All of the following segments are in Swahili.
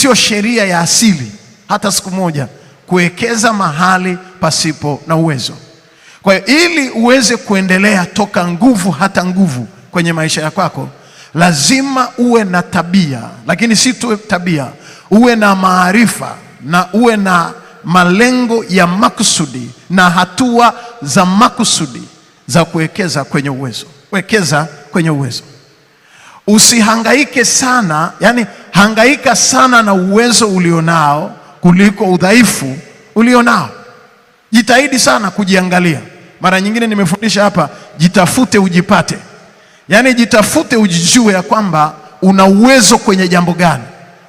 Sio sheria ya asili hata siku moja kuwekeza mahali pasipo na uwezo. Kwa hiyo ili uweze kuendelea toka nguvu hata nguvu kwenye maisha ya kwako, lazima uwe na tabia, lakini si tu tabia, uwe na maarifa na uwe na malengo ya makusudi na hatua za makusudi za kuwekeza kwenye uwezo. Wekeza kwenye uwezo usihangaike sana, yani hangaika sana na uwezo ulionao kuliko udhaifu ulionao. Jitahidi sana kujiangalia. Mara nyingine nimefundisha hapa, jitafute ujipate, yani jitafute ujijue ya kwamba una uwezo kwenye jambo gani.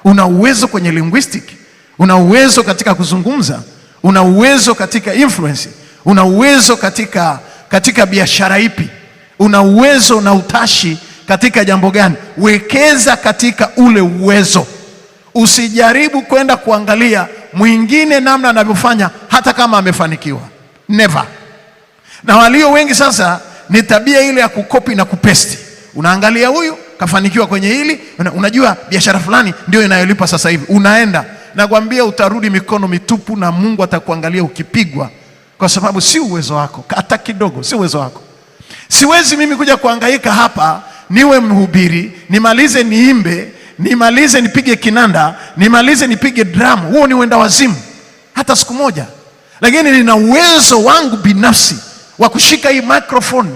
Una uwezo kwenye linguistic, una uwezo katika kuzungumza, una uwezo katika influence, una uwezo katika, katika biashara ipi, una uwezo na utashi katika jambo gani? Wekeza katika ule uwezo, usijaribu kwenda kuangalia mwingine namna anavyofanya, hata kama amefanikiwa, never. Na walio wengi sasa ni tabia ile ya kukopi na kupesti. Unaangalia huyu kafanikiwa kwenye hili, unajua biashara fulani ndio inayolipa sasa hivi, unaenda nakwambia, utarudi mikono mitupu, na Mungu atakuangalia ukipigwa, kwa sababu si uwezo wako hata kidogo, si uwezo wako. Siwezi mimi kuja kuangaika hapa niwe mhubiri, nimalize niimbe, nimalize nipige kinanda, nimalize nipige dramu, huo ni uenda wazimu hata siku moja. Lakini nina uwezo wangu binafsi wa kushika hii microphone.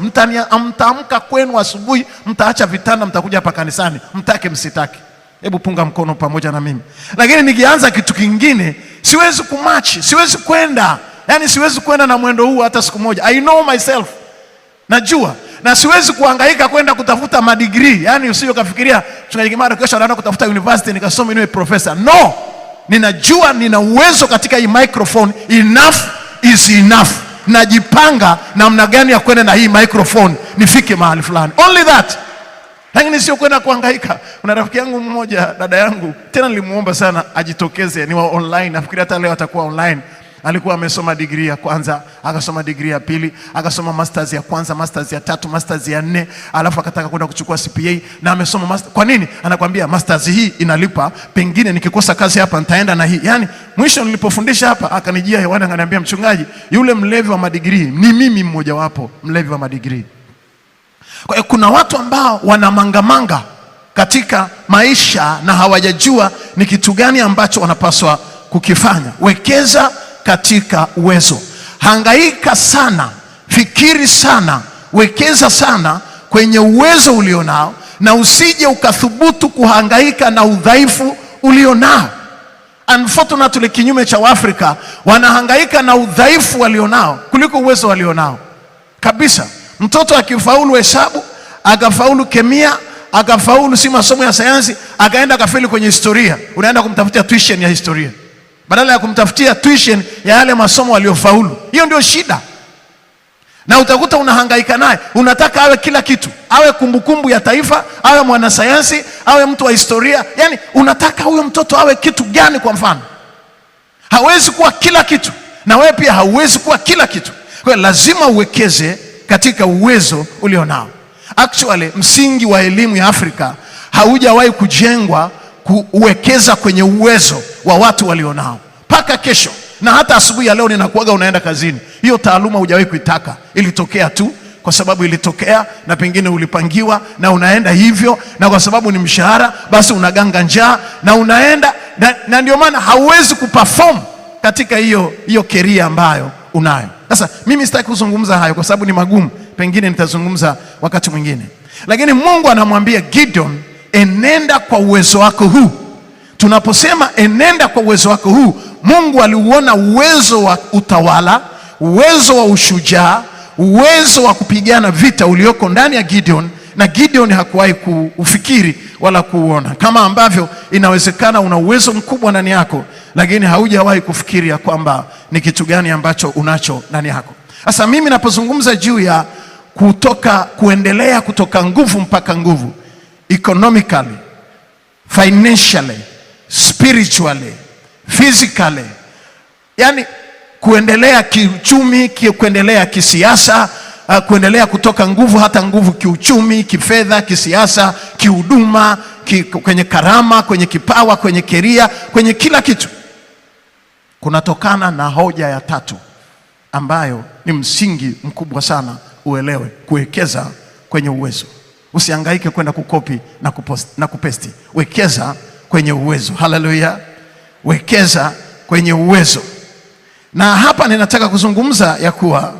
Mtaamka kwenu asubuhi, mtaacha vitanda, mtakuja hapa kanisani, mtake msitake. Hebu punga mkono pamoja na mimi. Lakini nikianza kitu kingine, siwezi kumatch, siwezi kwenda, yani siwezi kwenda na mwendo huu hata siku moja. I know myself, najua na siwezi kuhangaika kwenda kutafuta madigrii. Yani usije ukafikiria Chunganyikimada kesho naenda kutafuta university nikasome niwe profesa. No, ninajua nina uwezo katika hii microphone. Enough is enough. Najipanga namna gani ya kwenda na hii microphone nifike mahali fulani, only that, lakini sio kwenda kuhangaika. Kuna rafiki yangu mmoja, dada yangu tena, nilimuomba sana ajitokeze, ni wa online, nafikiri hata leo atakuwa online alikuwa amesoma degree ya kwanza, akasoma degree ya pili, akasoma masters ya kwanza, masters ya tatu, masters ya nne, alafu akataka kwenda kuchukua CPA na amesoma master. Kwa nini? Anakwambia masters hii inalipa, pengine nikikosa kazi hapa nitaenda na hii. Yani mwisho nilipofundisha hapa, akanijia hewani, akaniambia mchungaji, yule mlevi wa madigrii ni mimi, wapo mlevi wa madigrii. Kwa hiyo kuna watu ambao wanamangamanga katika maisha na hawajajua ni kitu gani ambacho wanapaswa kukifanya. Wekeza katika uwezo. Hangaika sana, fikiri sana, wekeza sana kwenye uwezo ulionao, na usije ukathubutu kuhangaika na udhaifu ulionao. Unfortunately, kinyume cha Waafrika wanahangaika na udhaifu walionao kuliko uwezo walionao kabisa. Mtoto akifaulu hesabu, akafaulu kemia, akafaulu si masomo ya sayansi, akaenda akafeli kwenye historia, unaenda kumtafutia tuition ya historia badala ya kumtafutia tuition ya yale masomo aliyofaulu. Hiyo ndio shida, na utakuta unahangaika naye, unataka awe kila kitu, awe kumbukumbu ya taifa, awe mwanasayansi, awe mtu wa historia. Yani unataka huyo mtoto awe kitu gani? Kwa mfano, hawezi kuwa kila kitu, na wewe pia hauwezi kuwa kila kitu. Kwa hiyo lazima uwekeze katika uwezo ulionao. Actually, msingi wa elimu ya Afrika haujawahi kujengwa kuwekeza kwenye uwezo wa watu walionao mpaka kesho na hata asubuhi ya leo ninakuaga unaenda kazini. Hiyo taaluma hujawahi kuitaka, ilitokea tu kwa sababu ilitokea, na pengine ulipangiwa na unaenda hivyo, na kwa sababu ni mshahara, basi unaganga njaa na unaenda na, na ndio maana hauwezi kuperform katika hiyo hiyo keria ambayo unayo sasa. Mimi sitaki kuzungumza hayo kwa sababu ni magumu, pengine nitazungumza wakati mwingine, lakini Mungu anamwambia Gideon enenda kwa uwezo wako huu. Tunaposema enenda kwa uwezo wako huu, Mungu aliuona uwezo wa utawala, uwezo wa ushujaa, uwezo wa kupigana vita ulioko ndani ya Gideon, na Gideon hakuwahi kuufikiri wala kuuona, kama ambavyo inawezekana una uwezo mkubwa ndani yako, lakini haujawahi ya kwamba ni kitu gani ambacho unacho ndani yako. Sasa mimi napozungumza juu ya kutoka kuendelea kutoka nguvu mpaka nguvu economically, financially, spiritually, physically, yani kuendelea kiuchumi, kuendelea kisiasa, uh, kuendelea kutoka nguvu hata nguvu kiuchumi, kifedha, kisiasa, kihuduma, ki, kwenye karama, kwenye kipawa, kwenye keria, kwenye kila kitu kunatokana na hoja ya tatu ambayo ni msingi mkubwa sana uelewe, kuwekeza kwenye uwezo. Usihangaike kwenda kukopi na kupost, na kupesti. Wekeza kwenye uwezo. Haleluya, wekeza kwenye uwezo. Na hapa ninataka kuzungumza ya kuwa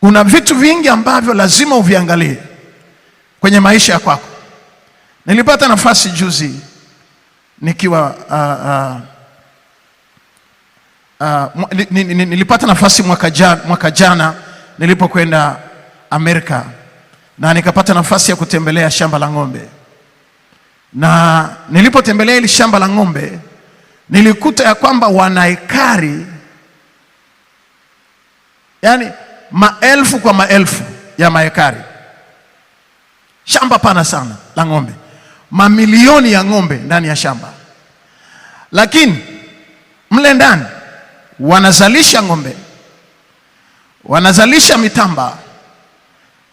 kuna vitu vingi ambavyo lazima uviangalie kwenye maisha ya kwako. Nilipata nafasi juzi nikiwa uh, uh, uh, nilipata nafasi mwaka jana, mwaka jana nilipokwenda Amerika na nikapata nafasi ya kutembelea shamba la ng'ombe, na nilipotembelea hili shamba la ng'ombe nilikuta ya kwamba wana ekari yani maelfu kwa maelfu ya maekari, shamba pana sana la ng'ombe, mamilioni ya ng'ombe ndani ya shamba, lakini mle ndani wanazalisha ng'ombe, wanazalisha mitamba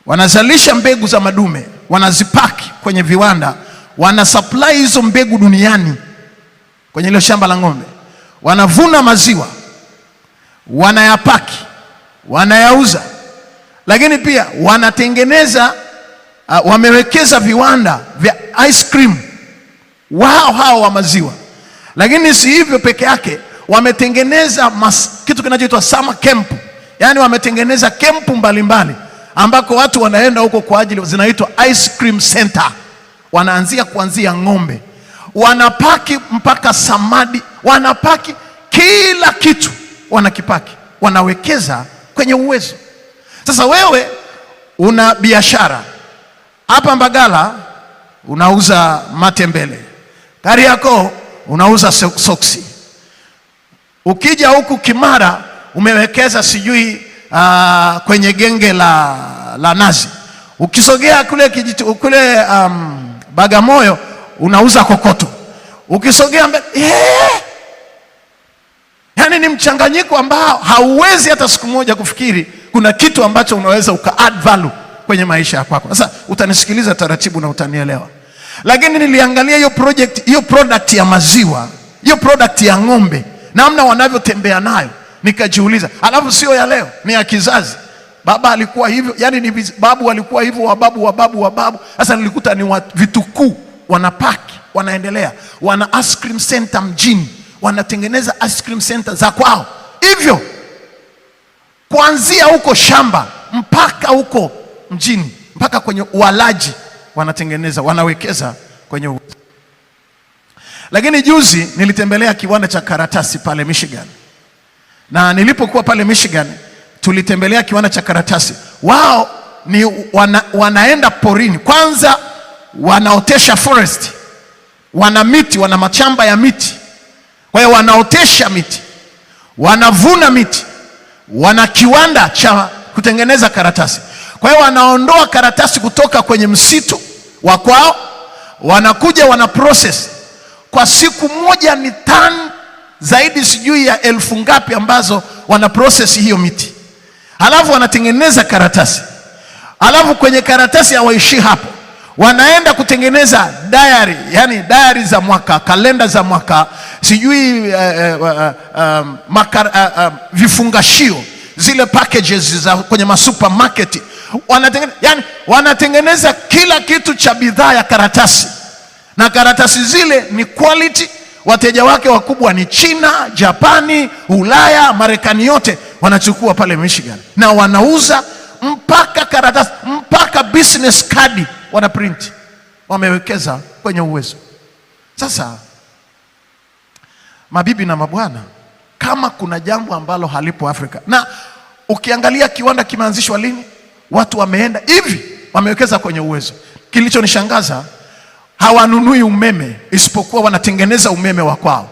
wanazalisha mbegu za madume, wanazipaki kwenye viwanda, supply hizo mbegu duniani kwenye hilo shamba la ng'ombe, wanavuna maziwa, wanayapaki, wanayauza, lakini pia wanatengeneza uh, wamewekeza viwanda vya ice cream wao hao wa maziwa. Lakini si hivyo peke yake, wametengeneza mas, kitu kinachoitwa summer camp, yani wametengeneza kempu mbalimbali ambako watu wanaenda huko kwa ajili, zinaitwa ice cream center. Wanaanzia kuanzia ng'ombe, wanapaki mpaka samadi, wanapaki kila kitu, wanakipaki, wanawekeza kwenye uwezo. Sasa wewe una biashara hapa Mbagala, unauza matembele, Kariakoo unauza soksi, ukija huku Kimara umewekeza sijui uh, kwenye genge la, la nazi. Ukisogea kule, kijitu, kule um, Bagamoyo unauza kokoto, ukisogea mbele eh! yeah. Yaani ni mchanganyiko ambao hauwezi hata siku moja kufikiri kuna kitu ambacho unaweza uka add value kwenye maisha ya kwako. Sasa utanisikiliza taratibu na utanielewa, lakini niliangalia hiyo project, hiyo product ya maziwa, hiyo product ya ng'ombe, namna wanavyotembea nayo Nikajiuliza, alafu sio ya leo, ni ya kizazi. Baba alikuwa hivyo, yani ni babu alikuwa hivyo, wababu wababu wababu. Sasa nilikuta ni vitukuu wanapaki, wanaendelea, wana ice cream center mjini, wanatengeneza ice cream center za kwao hivyo, kuanzia huko shamba mpaka huko mjini, mpaka kwenye walaji wanatengeneza, wanawekeza kwenye u... Lakini juzi nilitembelea kiwanda cha karatasi pale Michigan. Na nilipokuwa pale Michigan tulitembelea kiwanda cha karatasi. Wao ni wana, wanaenda porini kwanza, wanaotesha forest, wana miti, wana mashamba ya miti. Kwa hiyo wanaotesha miti, wanavuna miti, wana kiwanda cha kutengeneza karatasi. Kwa hiyo wanaondoa karatasi kutoka kwenye msitu wa kwao, wanakuja wana process. Kwa siku moja ni tani zaidi sijui ya elfu ngapi ambazo wana process hiyo miti, halafu wanatengeneza karatasi, halafu kwenye karatasi hawaishi hapo, wanaenda kutengeneza diary, yani diary za mwaka, kalenda za mwaka, sijui uh, uh, uh, makar, uh, uh, vifungashio zile packages za kwenye masupermarket wanatengeneza, yani wanatengeneza kila kitu cha bidhaa ya karatasi, na karatasi zile ni quality Wateja wake wakubwa ni China, Japani, Ulaya, Marekani yote wanachukua pale Michigan, na wanauza mpaka karatasi mpaka business card wana print. Wamewekeza kwenye uwezo. Sasa mabibi na mabwana, kama kuna jambo ambalo halipo Afrika, na ukiangalia kiwanda kimeanzishwa lini, watu wameenda hivi, wamewekeza kwenye uwezo. Kilichonishangaza hawanunui umeme isipokuwa wanatengeneza umeme wa kwao.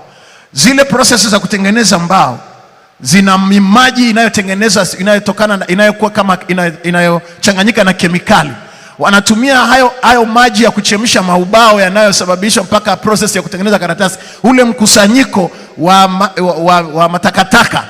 Zile prosesi za kutengeneza mbao zina mimaji inayotengeneza inayotokana inayokuwa kama inayochanganyika na kemikali. Wanatumia hayo, hayo maji ya kuchemsha maubao yanayosababisha mpaka process ya kutengeneza karatasi, ule mkusanyiko wa, ma, wa, wa, wa matakataka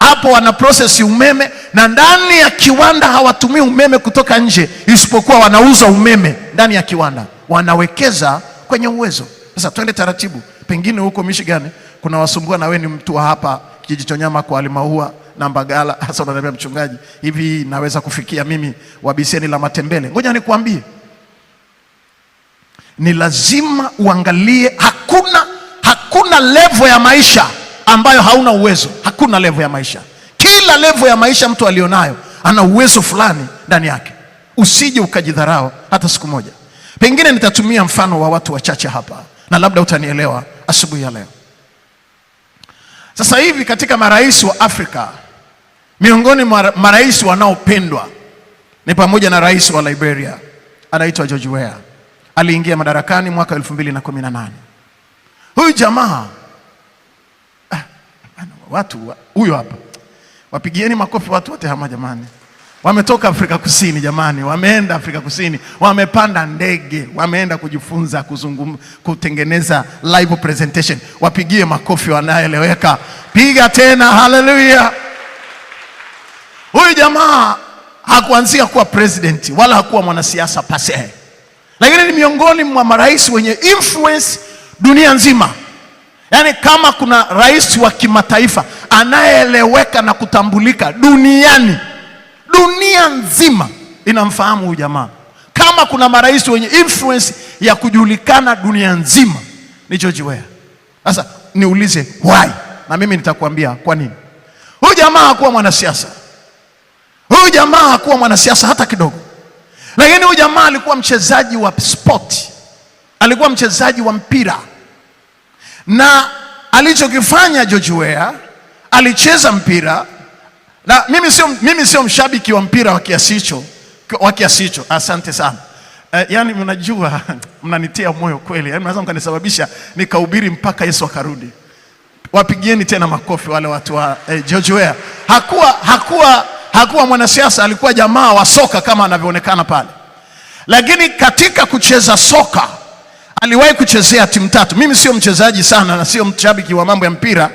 hapo wana process umeme, na ndani ya kiwanda hawatumii umeme kutoka nje, isipokuwa wanauza umeme ndani ya kiwanda wanawekeza kwenye uwezo. Sasa twende taratibu, pengine huko Michigan kuna wasumbua, na we ni mtu wa hapa kijiji Chonyama kwa Alimaua na Mbagala. Hasa unaniambia mchungaji, hivi naweza kufikia mimi wabiseni la matembele? Ngoja nikuambie, ni lazima uangalie. Hakuna, hakuna levo ya maisha ambayo hauna uwezo. Hakuna levo ya maisha, kila levo ya maisha mtu alionayo ana uwezo fulani ndani yake. Usije ukajidharau hata siku moja. Pengine nitatumia mfano wa watu wachache hapa na labda utanielewa asubuhi ya leo. Sasa hivi katika marais wa Afrika, miongoni mwa marais wanaopendwa ni pamoja na rais wa Liberia anaitwa George Weah. Aliingia madarakani mwaka 2018. Huyu jamaa ah, watu huyo hapa, wapigieni makofi watu wote hama jamani. Wametoka Afrika Kusini jamani, wameenda Afrika Kusini, wamepanda ndege, wameenda kujifunza kuzungum, kutengeneza live presentation. Wapigie makofi wanayoeleweka piga tena, haleluya! Huyu jamaa hakuanzia kuwa president wala hakuwa mwanasiasa pase, lakini ni miongoni mwa marais wenye influence dunia nzima. Yaani, kama kuna rais wa kimataifa anayeeleweka na kutambulika duniani dunia nzima inamfahamu huyu jamaa. Kama kuna marais wenye influence ya kujulikana dunia nzima ni George Weah. Sasa niulize why, na mimi nitakwambia kwa nini. Huyu jamaa hakuwa mwanasiasa, huyu jamaa hakuwa mwanasiasa hata kidogo, lakini huyu jamaa alikuwa mchezaji wa sport, alikuwa mchezaji wa mpira, na alichokifanya George Weah, alicheza mpira na mimi sio mimi sio mshabiki wa mpira wa kiasi hicho wa kiasi hicho. Asante sana. Uh, yaani mnajua mnanitia moyo kweli. Yaani mnaweza mkanisababisha nikahubiri mpaka Yesu akarudi. Wapigieni tena makofi wale watu wa eh, George Weah. Hakuwa hakuwa hakuwa mwanasiasa, alikuwa jamaa wa soka kama anavyoonekana pale. Lakini katika kucheza soka aliwahi kuchezea timu tatu. Mimi sio mchezaji sana na sio mshabiki wa mambo ya mpira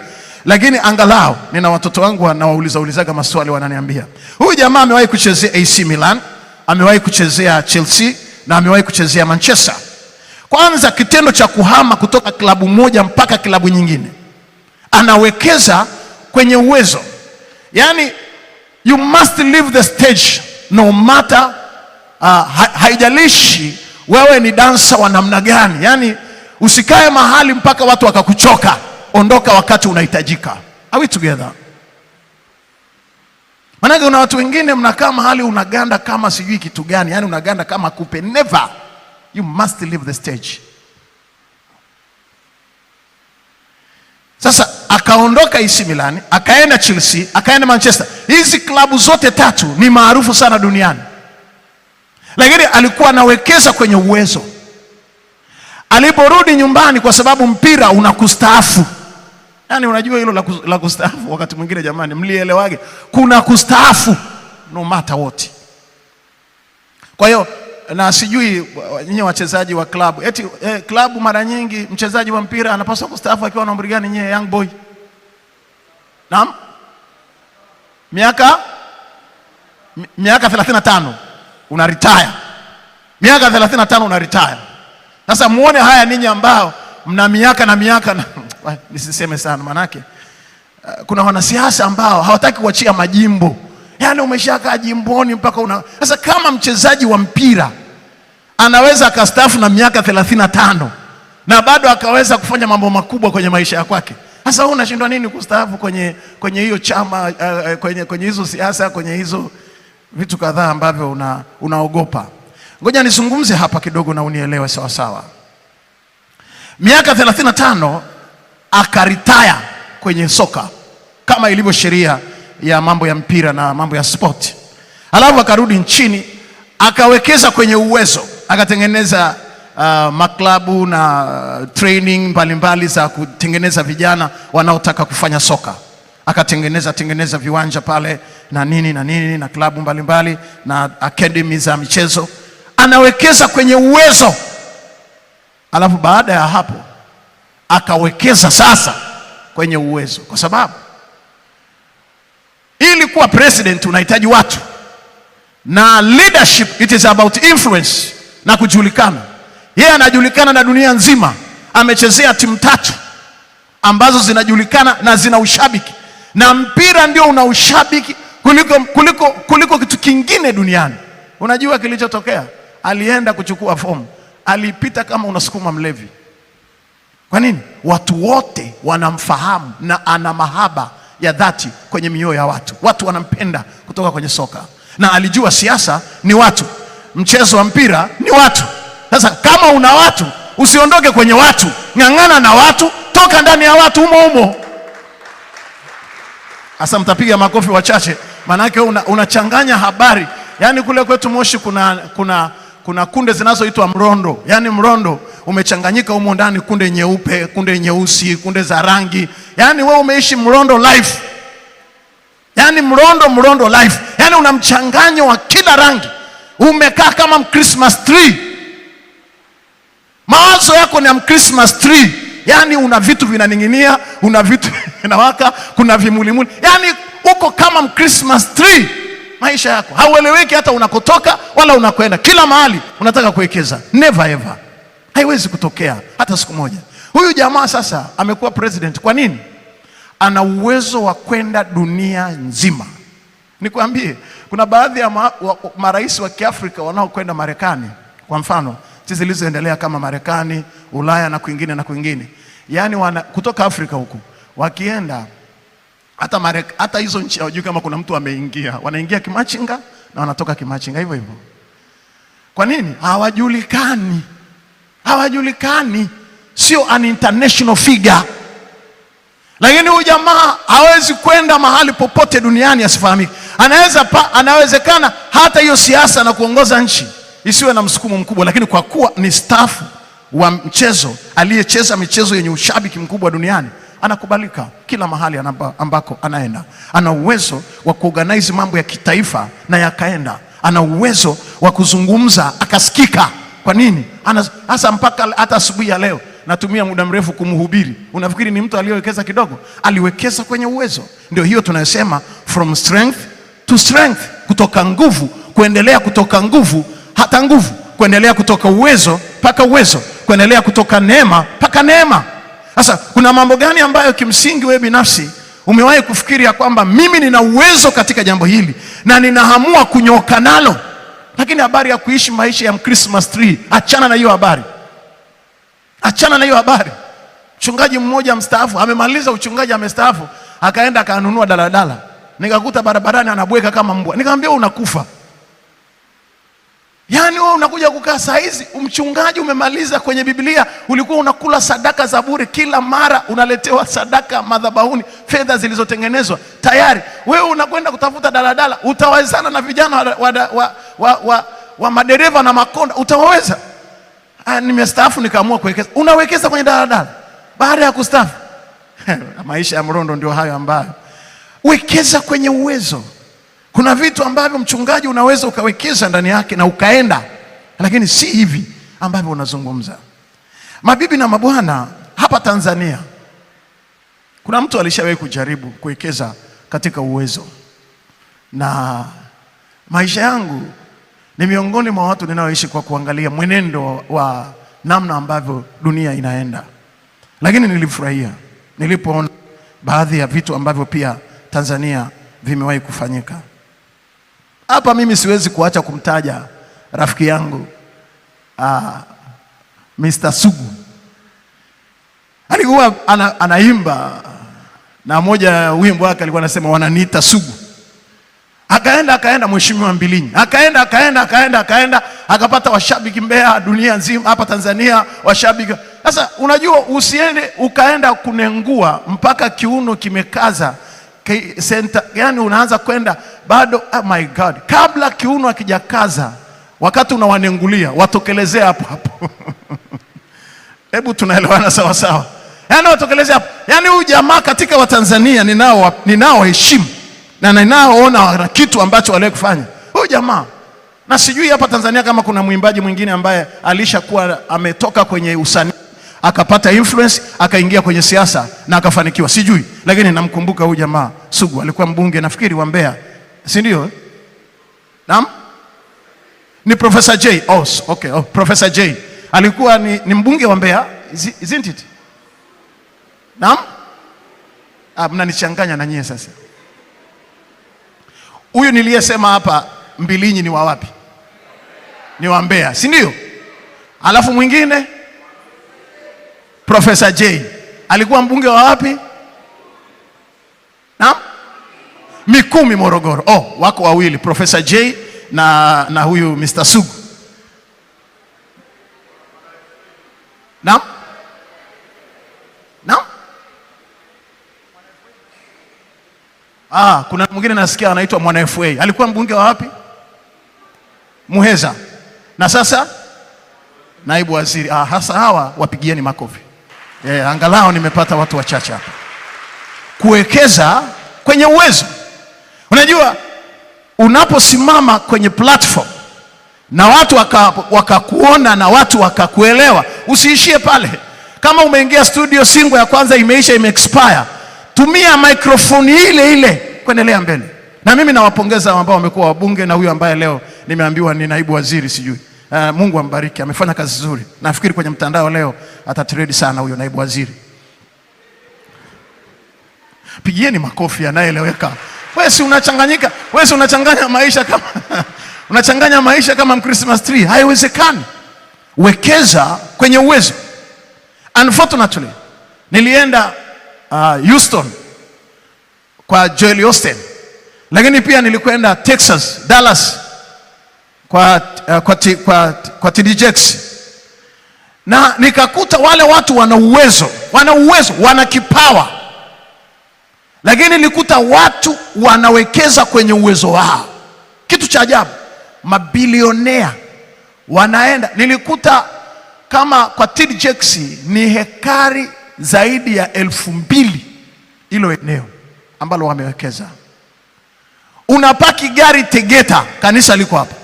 lakini angalau nina watoto wangu wanawauliza ulizaga maswali, wananiambia huyu jamaa amewahi kuchezea AC Milan, amewahi kuchezea Chelsea na amewahi kuchezea Manchester. Kwanza kitendo cha kuhama kutoka klabu moja mpaka klabu nyingine, anawekeza kwenye uwezo. Yani, you must leave the stage no matter uh, ha haijalishi wewe ni dansa wa namna gani, yani usikae mahali mpaka watu wakakuchoka ondoka wakati unahitajika. Are we together? Maanake una watu wengine mnakaa mahali unaganda kama sijui kitu gani, yani unaganda kama kupe. Never, you must leave the stage. Sasa akaondoka AC Milan, akaenda Chelsea, akaenda Manchester. Hizi klabu zote tatu ni maarufu sana duniani, lakini alikuwa anawekeza kwenye uwezo. Aliporudi nyumbani, kwa sababu mpira unakustaafu Yaani unajua hilo la, kustaafu wakati mwingine jamani, mlielewage kuna kustaafu no matter what. Kwa hiyo na sijui nyinyi wachezaji wa klabu eti eh, klabu mara nyingi mchezaji wa mpira anapaswa kustaafu akiwa na umri gani? Nyie young boy, naam, miaka miaka 35 una retire, miaka 35 una retire. Sasa muone haya ninyi ambao mna miaka na miaka na Ah, nisiseme sana manake ah, kuna wanasiasa ambao hawataki kuachia majimbo. Yaani umeshakaa jimboni mpaka una sasa, kama mchezaji wa mpira anaweza akastaafu na miaka thelathini na tano na bado akaweza kufanya mambo makubwa kwenye maisha yake. Sasa wewe unashindwa nini kustaafu kwenye kwenye hiyo chama uh, kwenye kwenye hizo siasa kwenye hizo vitu kadhaa ambavyo una, unaogopa. Ngoja nizungumze hapa kidogo na unielewe sawa sawa. Miaka 35 akaritaya kwenye soka kama ilivyo sheria ya mambo ya mpira na mambo ya sport. Alafu akarudi nchini akawekeza kwenye uwezo, akatengeneza uh, maklabu na uh, training mbalimbali za kutengeneza vijana wanaotaka kufanya soka akatengeneza tengeneza viwanja pale na nini na nini na klabu mbalimbali na academy za michezo, anawekeza kwenye uwezo. Alafu baada ya hapo akawekeza sasa kwenye uwezo, kwa sababu ili kuwa president unahitaji watu na leadership, it is about influence na kujulikana. Yeye anajulikana na dunia nzima, amechezea timu tatu ambazo zinajulikana na zina ushabiki, na mpira ndio una ushabiki kuliko, kuliko, kuliko kitu kingine duniani. Unajua kilichotokea, alienda kuchukua fomu, alipita kama unasukuma mlevi. Kwa nini? Watu wote wanamfahamu na ana mahaba ya dhati kwenye mioyo ya watu. Watu wanampenda kutoka kwenye soka, na alijua siasa ni watu, mchezo wa mpira ni watu. Sasa kama una watu, usiondoke kwenye watu, ng'ang'ana na watu, toka ndani ya watu, umo humo. Sasa mtapiga makofi wachache, maanake unachanganya una habari. Yaani kule kwetu Moshi kuna, kuna, kuna kunde zinazoitwa mrondo, yaani mrondo umechanganyika humo ndani, kunde nyeupe, kunde nyeusi, kunde za rangi. yani wewe umeishi mrondo life, yani mrondo mrondo life, yani una mchanganyo wa kila rangi, umekaa kama Christmas tree. Mawazo yako ni Christmas tree, yani una vitu vinaning'inia, una vitu vinawaka, kuna vimulimuli, yani uko kama Christmas tree maisha yako haueleweki, hata unakotoka wala unakwenda, kila mahali unataka kuwekeza. Never ever Haiwezi kutokea hata siku moja. Huyu jamaa sasa amekuwa president. Kwa nini? Ana uwezo wa kwenda dunia nzima. Nikwambie, kuna baadhi ya ma, wa, marais wa Kiafrika wanaokwenda Marekani, kwa mfano nchi zilizoendelea kama Marekani, Ulaya na kwingine na kwingine, yaani wana, kutoka Afrika huku wakienda hata Marek, hata hizo nchi hawajui kama kuna mtu ameingia. Wanaingia kimachinga na wanatoka kimachinga hivyo hivyo. Kwa nini? Hawajulikani hawajulikani, sio an international figure. Lakini huyu jamaa hawezi kwenda mahali popote duniani asifahamike. Anaweza pa, anawezekana hata hiyo siasa na kuongoza nchi isiwe na msukumo mkubwa, lakini kwa kuwa ni stafu wa mchezo aliyecheza michezo yenye ushabiki mkubwa duniani anakubalika kila mahali anamba, ambako anaenda. Ana uwezo wa kuorganize mambo ya kitaifa na yakaenda. Ana uwezo wa kuzungumza akasikika. Kwa nini hasa mpaka hata asubuhi ya leo natumia muda mrefu kumhubiri? Unafikiri ni mtu aliyewekeza kidogo? Aliwekeza kwenye uwezo. Ndio hiyo tunayosema from strength to strength, kutoka nguvu kuendelea, kutoka nguvu hata nguvu kuendelea, kutoka uwezo mpaka uwezo, kuendelea kutoka neema mpaka neema. Sasa kuna mambo gani ambayo kimsingi wewe binafsi umewahi kufikiria kwamba mimi nina uwezo katika jambo hili na ninaamua kunyoka nalo? Lakini habari ya kuishi maisha ya Christmas tree, achana na hiyo habari, achana na hiyo habari. Mchungaji mmoja mstaafu amemaliza uchungaji, amestaafu, akaenda akanunua daladala, nikakuta barabarani anabweka kama mbwa, nikamwambia unakufa Yaani wewe unakuja kukaa saa hizi, mchungaji umemaliza kwenye Biblia, ulikuwa unakula sadaka za bure, kila mara unaletewa sadaka madhabahuni, fedha zilizotengenezwa tayari. Wewe unakwenda kutafuta daladala, utawawezana na vijana wa, wa, wa, wa, wa, wa madereva na makonda? Utawaweza? Ah, nimestaafu nikaamua kuwekeza. Unawekeza kwenye daladala baada ya kustaafu maisha ya mrondo ndio hayo ambayo. Wekeza kwenye uwezo kuna vitu ambavyo mchungaji unaweza ukawekeza ndani yake na ukaenda, lakini si hivi ambavyo unazungumza. Mabibi na mabwana, hapa Tanzania kuna mtu alishawahi kujaribu kuwekeza katika uwezo, na maisha yangu ni miongoni mwa watu ninaoishi kwa kuangalia mwenendo wa namna ambavyo dunia inaenda, lakini nilifurahia nilipoona baadhi ya vitu ambavyo pia Tanzania vimewahi kufanyika. Hapa mimi siwezi kuacha kumtaja rafiki yangu ah, Mr. Sugu alikuwa yaani ana, anaimba na moja wimbo wake alikuwa anasema wananiita Sugu. Akaenda akaenda mheshimiwa Mbilinyi, akaenda akaenda akaenda akaenda akapata washabiki Mbeya, dunia nzima, hapa Tanzania washabiki. Sasa unajua, usiende ukaenda kunengua mpaka kiuno kimekaza center, yani unaanza kwenda bado. Oh my God, kabla kiuno akijakaza wakati unawanengulia watokelezea hapo hapo. Hebu tunaelewana sawa sawa? Yani watokelezea hapo. Yani huyu jamaa katika Watanzania ninao ninaoheshimu na ninaoona wana kitu ambacho waliwahi kufanya huyu jamaa na sijui hapa Tanzania kama kuna mwimbaji mwingine ambaye alishakuwa ametoka kwenye usanii akapata influence akaingia kwenye siasa na akafanikiwa, sijui. Lakini namkumbuka huyu jamaa Sugu, alikuwa mbunge nafikiri wa Mbeya, si ndio? Naam, ni Professor J. Oh, okay. Oh, Professor J alikuwa ni, ni mbunge wa Mbeya, isn't it? Naam. Ah, mnanichanganya na nyie sasa. Huyu niliyesema hapa Mbilinyi ni wa wapi? Ni wa Mbeya, si ndio? Alafu mwingine Profesa J alikuwa mbunge wa wapi? Na Mikumi, Morogoro. Oh, wako wawili, Profesa J na, na huyu Mr. Sugu. Na na Ah, kuna mwingine nasikia anaitwa mwana FA. Alikuwa mbunge wa wapi? Muheza. Na sasa naibu waziri. Ah, hasa hawa wapigieni makofi. Eh, angalau nimepata watu wachache hapa. Kuwekeza kwenye uwezo. Unajua unaposimama kwenye platform na watu wakakuona waka na watu wakakuelewa, usiishie pale. Kama umeingia studio, singo ya kwanza imeisha, imeexpire, tumia maikrofoni ile ile kuendelea mbele. Na mimi nawapongeza ambao wamekuwa wabunge na huyu ambaye leo nimeambiwa ni naibu waziri, sijui uh, Mungu ambariki, amefanya kazi nzuri. Nafikiri kwenye mtandao leo atatredi sana huyo naibu waziri. Pigieni makofi yanayeeleweka Wewe si unachanganyika, wewe si unachanganya maisha kama unachanganya maisha kama Christmas tree. Haiwezekani. Wekeza kwenye uwezo. Unfortunately, nilienda uh, Houston kwa Joel Osteen, lakini pia nilikwenda Texas, Dallas kwa, uh, kwa, kwa, kwa TD Jakes na nikakuta wale watu wana uwezo, wana uwezo, wana kipawa, lakini nilikuta watu wanawekeza kwenye uwezo wao. Kitu cha ajabu, mabilionea wanaenda. Nilikuta kama kwa TDJX ni hekari zaidi ya elfu mbili hilo eneo ambalo wamewekeza. Unapaki gari Tegeta, kanisa liko hapa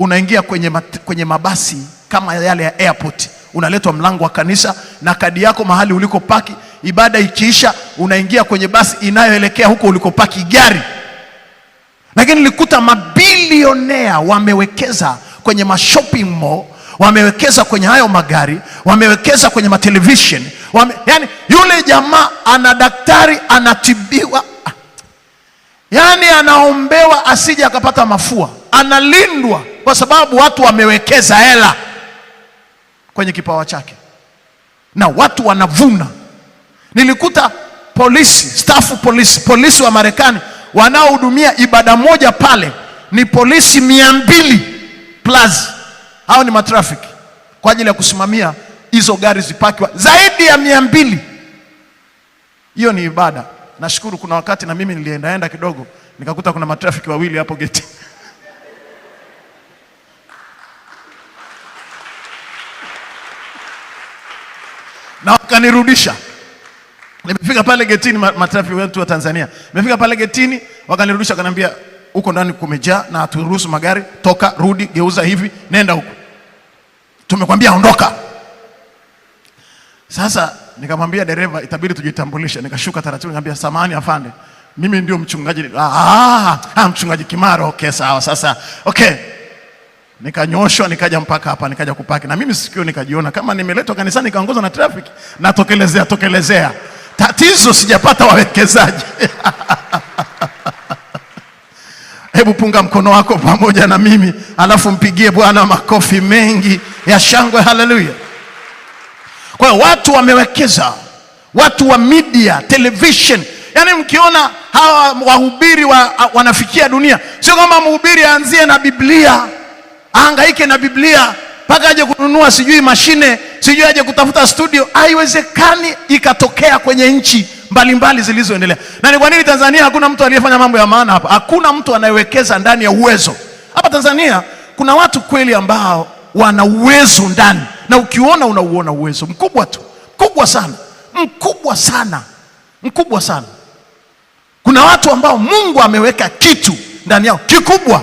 unaingia kwenye, mat, kwenye mabasi kama yale ya airport, unaletwa mlango wa kanisa na kadi yako mahali ulikopaki. Ibada ikiisha, unaingia kwenye basi inayoelekea huko ulikopaki gari. Lakini nilikuta mabilionea wamewekeza kwenye mashopping mall, wamewekeza kwenye hayo magari, wamewekeza kwenye matelevision wame, yani yule jamaa ana daktari anatibiwa yani anaombewa asije akapata mafua, analindwa kwa sababu watu wamewekeza hela kwenye kipawa chake na watu wanavuna. Nilikuta polisi, stafu polisi, polisi wa Marekani wanaohudumia ibada moja pale ni polisi mia mbili plus, hao ni matrafiki kwa ajili ya kusimamia hizo gari zipakiwa, zaidi ya mia mbili. Hiyo ni ibada. Nashukuru kuna wakati na mimi niliendaenda kidogo nikakuta kuna matrafiki wawili hapo geti na wakanirudisha. Nimefika pale getini, matrafiki wetu wa Tanzania, nimefika pale getini, wakanirudisha, wakaniambia huko ndani kumejaa na haturuhusu magari, toka, rudi, geuza hivi, nenda huko, tumekwambia ondoka. Sasa nikamwambia dereva, itabidi tujitambulishe. Nikashuka taratibu, nikamwambia samahani afande, mimi ndio mchungaji. Ah, ah, ah mchungaji Kimaro. Okay, sawa. Sasa okay Nikanyoshwa nikaja mpaka hapa nikaja kupaki, na mimi sikio nikajiona kama nimeletwa kanisani nikaongozwa na traffic na tokelezea tokelezea. Tatizo sijapata wawekezaji Hebu punga mkono wako pamoja na mimi, alafu mpigie Bwana makofi mengi ya shangwe. Haleluya! Kwa watu wamewekeza, watu wa media television. Yani mkiona hawa wahubiri wa, wanafikia dunia, sio kama mhubiri aanzie na Biblia ahangaike na Biblia mpaka aje kununua sijui mashine sijui aje kutafuta studio. Haiwezekani ikatokea kwenye nchi mbalimbali zilizoendelea. Na ni kwa nini Tanzania hakuna mtu aliyefanya mambo ya maana hapa? Hakuna mtu anayewekeza ndani ya uwezo hapa Tanzania. Kuna watu kweli ambao wana uwezo ndani, na ukiona unauona uwezo mkubwa tu, mkubwa sana, mkubwa sana, mkubwa sana. Kuna watu ambao Mungu ameweka kitu ndani yao kikubwa.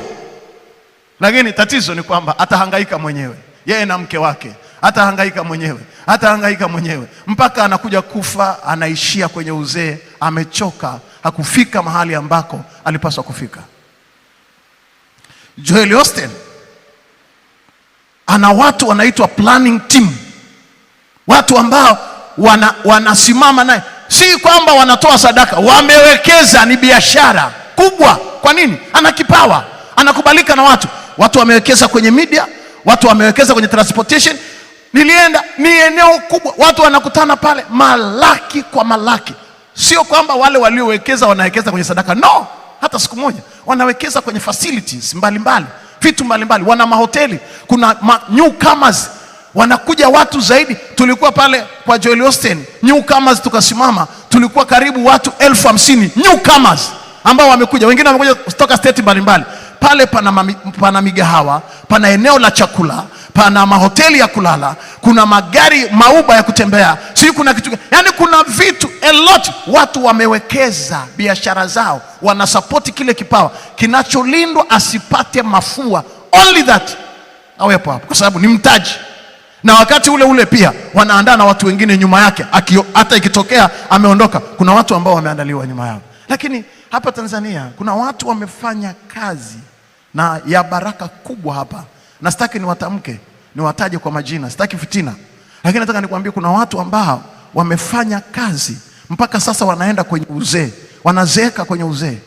Lakini tatizo ni kwamba atahangaika mwenyewe, yeye na mke wake atahangaika mwenyewe, atahangaika mwenyewe mpaka anakuja kufa, anaishia kwenye uzee, amechoka, hakufika mahali ambako alipaswa kufika. Joel Osteen ana watu wanaitwa planning team, watu ambao wana, wanasimama naye, si kwamba wanatoa sadaka, wamewekeza, ni biashara kubwa. Kwa nini? Ana kipawa, anakubalika na watu watu wamewekeza kwenye media, watu wamewekeza kwenye transportation. Nilienda, ni eneo kubwa, watu wanakutana pale malaki kwa malaki. Sio kwamba wale waliowekeza wanawekeza kwenye sadaka, no, hata siku moja. Wanawekeza kwenye facilities mbalimbali mbali, vitu mbalimbali Wana mahoteli, kuna ma newcomers wanakuja watu zaidi. Tulikuwa pale kwa Joel Austin newcomers, tukasimama, tulikuwa karibu watu elfu hamsini newcomers ambao wamekuja, wengine wamekuja kutoka state mbalimbali mbali pale pana, pana migahawa, pana eneo la chakula, pana mahoteli ya kulala, kuna magari mauba ya kutembea, si kuna kitu, yani yaani kuna vitu a lot. Watu wamewekeza biashara zao, wanasapoti kile kipawa kinacholindwa asipate mafua, only that awe hapo, kwa sababu ni mtaji na wakati ule ule pia wanaandaa na watu wengine nyuma yake, hata ikitokea ameondoka, kuna watu ambao wameandaliwa nyuma yao. Lakini hapa Tanzania kuna watu wamefanya kazi na ya baraka kubwa hapa, na sitaki niwatamke, niwataje kwa majina, sitaki fitina, lakini nataka nikwambie kuna watu ambao wamefanya kazi mpaka sasa wanaenda kwenye uzee, wanazeeka kwenye uzee,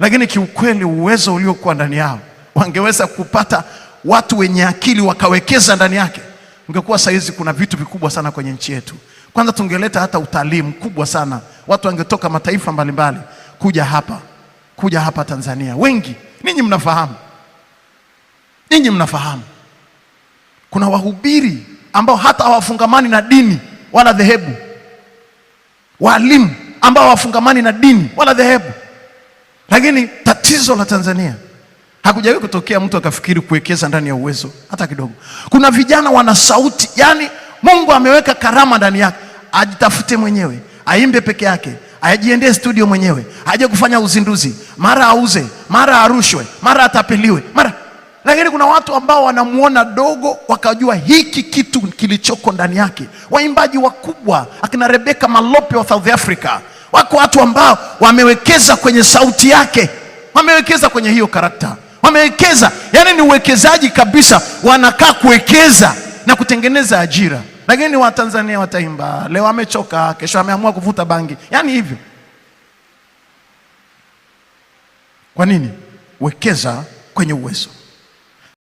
lakini kiukweli uwezo uliokuwa ndani yao wangeweza kupata watu wenye akili wakawekeza ndani yake, ungekuwa saizi kuna vitu vikubwa sana kwenye nchi yetu. Kwanza tungeleta hata utalii mkubwa sana, watu wangetoka mataifa mbalimbali mbali, kuja hapa kuja hapa Tanzania wengi Ninyi mnafahamu, ninyi mnafahamu kuna wahubiri ambao hata hawafungamani na dini wala dhehebu, waalimu ambao hawafungamani na dini wala dhehebu. Lakini tatizo la Tanzania hakujawahi kutokea mtu akafikiri kuwekeza ndani ya uwezo hata kidogo. Kuna vijana wana sauti, yani Mungu ameweka karama ndani yake, ajitafute mwenyewe, aimbe peke yake ajiendee studio mwenyewe, aje kufanya uzinduzi, mara auze, mara arushwe, mara atapeliwe, mara lakini kuna watu ambao wanamuona dogo, wakajua hiki kitu kilichoko ndani yake. Waimbaji wakubwa akina Rebecca Malope wa South Africa, wako watu ambao wamewekeza kwenye sauti yake, wamewekeza kwenye hiyo karakta, wamewekeza. Yani ni uwekezaji kabisa, wanakaa kuwekeza na kutengeneza ajira lakini Watanzania wataimba leo, amechoka, kesho ameamua kuvuta bangi, yaani hivyo. Kwa nini? Wekeza kwenye uwezo.